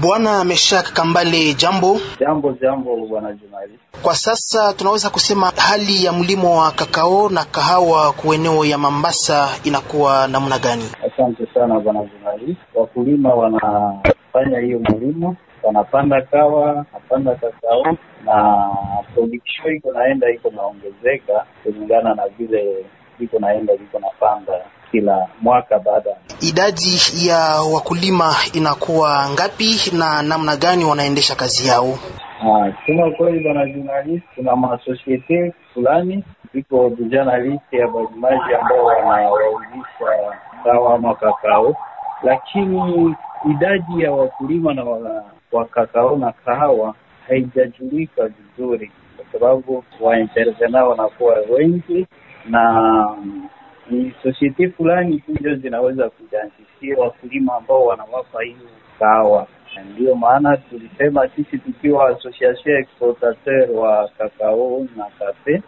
Bwana Meshak Kambale, jambo jambo jambo, bwana Jumali. Kwa sasa tunaweza kusema hali ya mlimo wa kakao na kahawa kueneo ya Mambasa inakuwa namna gani? Asante sana bwana Jumali. Wakulima wanafanya hiyo mlimo, wanapanda kawa, wanapanda kakao na production iko naenda iko naongezeka kulingana na vile iko naenda iko napanda kila mwaka baada. Idadi ya wakulima inakuwa ngapi na namna gani wanaendesha kazi yao? Ah, kusema kweli, bana journalist, kuna masosiete fulani iko journalist ya bajimaji ambao wanawaulisha sawa makakao, lakini idadi ya wakulima na wakakao na kahawa haijajulika vizuri, kwa sababu waintervenao wanakuwa wengi na ni society fulani tu ndio zinaweza kujianzishia wakulima ambao wanawapa hiyo kahawa. Ndiyo maana tulisema sisi tukiwa association exportateur wa kakao na kafe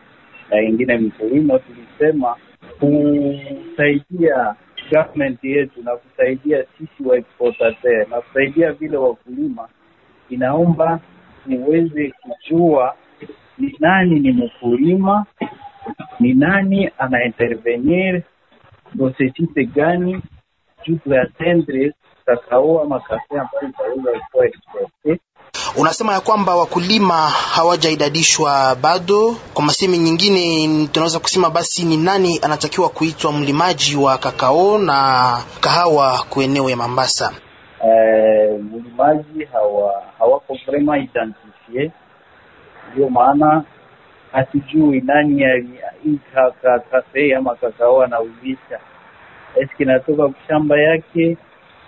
na ingine mkulima, tulisema kusaidia government yetu na kusaidia sisi wa exportateur na kusaidia vile wakulima, inaomba niweze kujua ni nani ni mkulima ni nani anaintervenir dosesite gani juu ya tendre kakaoa makafe ambayo itaweza kuwa exporte. Unasema ya kwamba wakulima hawajaidadishwa bado. Kwa masemi nyingine, tunaweza kusema basi ni nani anatakiwa kuitwa mlimaji wa kakao na kahawa kueneo ya Mambasa? E, eh, mlimaji hawa hawako vrema identifie, ndio maana hatujui nani kakasei ama kakaoa anauzisha, eski natoka shamba yake,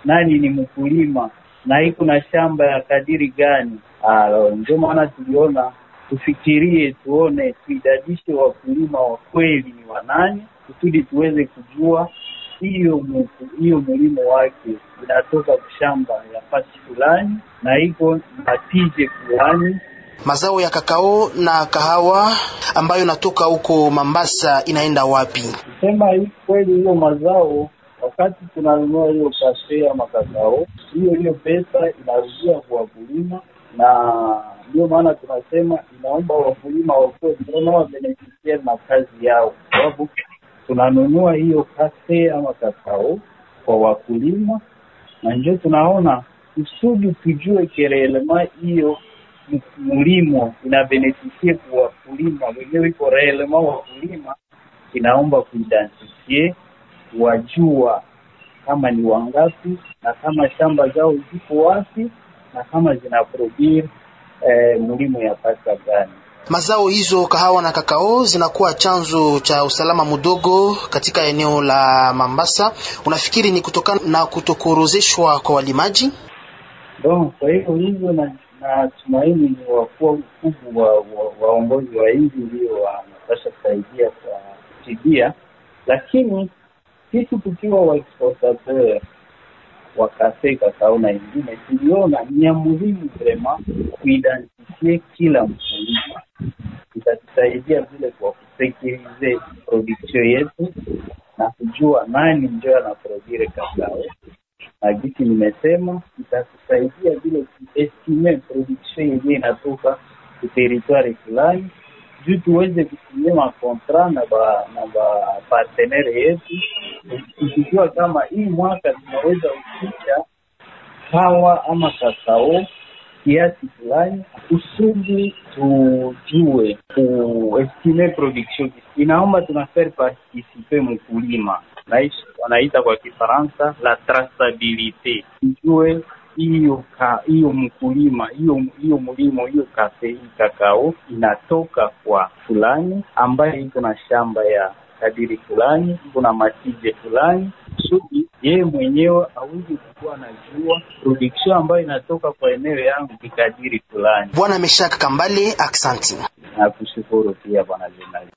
nani ni mkulima na hii kuna shamba ya kadiri gani? Ndio maana tuliona tufikirie, tuone, tuidadishe wakulima wa kweli ni wanani, kusudi tuweze kujua hiyo hiyo wake inatoka shamba ya fasi fulani na iko natije fulani mazao ya kakao na kahawa ambayo inatoka huko Mambasa inaenda wapi? Sema hii kweli, hiyo mazao wakati tunanunua hiyo kashe ya makakao, hiyo hiyo pesa inarudia kwa wakulima, na ndio maana tunasema inaomba wakulima wakuwe wa beneficia na kazi yao, sababu tunanunua hiyo kashe ama makakao kwa wakulima, na ndio tunaona kusudi tujue kerelema hiyo mlimo ina benefit kwa wakulima wenyewe, iko wa wakulima, inaomba kuidentifie, wajua kama ni wangapi na kama shamba zao ziko wapi na kama zina produce eh, mlimo ya pasa gani. Mazao hizo kahawa na kakao zinakuwa chanzo cha usalama mdogo katika eneo la Mambasa. Unafikiri ni kutokana na kutokorozeshwa kwa walimaji? Don, kwa hiyo hizo na na tumaini ni ukubu wa waongozi wa nchi ndio wanapasha kusaidia kwa kutibia, lakini sisi tukiwa waexportateur wa Kaseka kao ingine, tuliona ni ya muhimu vrema kuidentifie kila mkulima, itatusaidia vile kwa kusekirize production yetu na kujua nani ndio anaprodire kakao na jisi nimesema itatusaidia vile kuestime production yenyewe inatoka kuteritwari fulani juu tuweze kutumia makontra na ba na ba yetu, tukijua kama hii mwaka tunaweza kufika kawa ama kakao kiasi fulani, kusudi tujue kuestime production. Inaomba tunafaire participe mkulima, naishi wanaita kwa Kifaransa la traçabilite, tujue hiyo hiyo mkulima hiyo hiyo mlimo hiyo kakao inatoka kwa fulani ambaye iko na shamba ya kadiri fulani, iko na matije fulani, kusudi yeye mwenyewe aweze na anajua production ambayo inatoka kwa eneo yangu kadiri fulani. Bwana Meshak Kambale, aksanti na kushukuru pia bwana jenerali.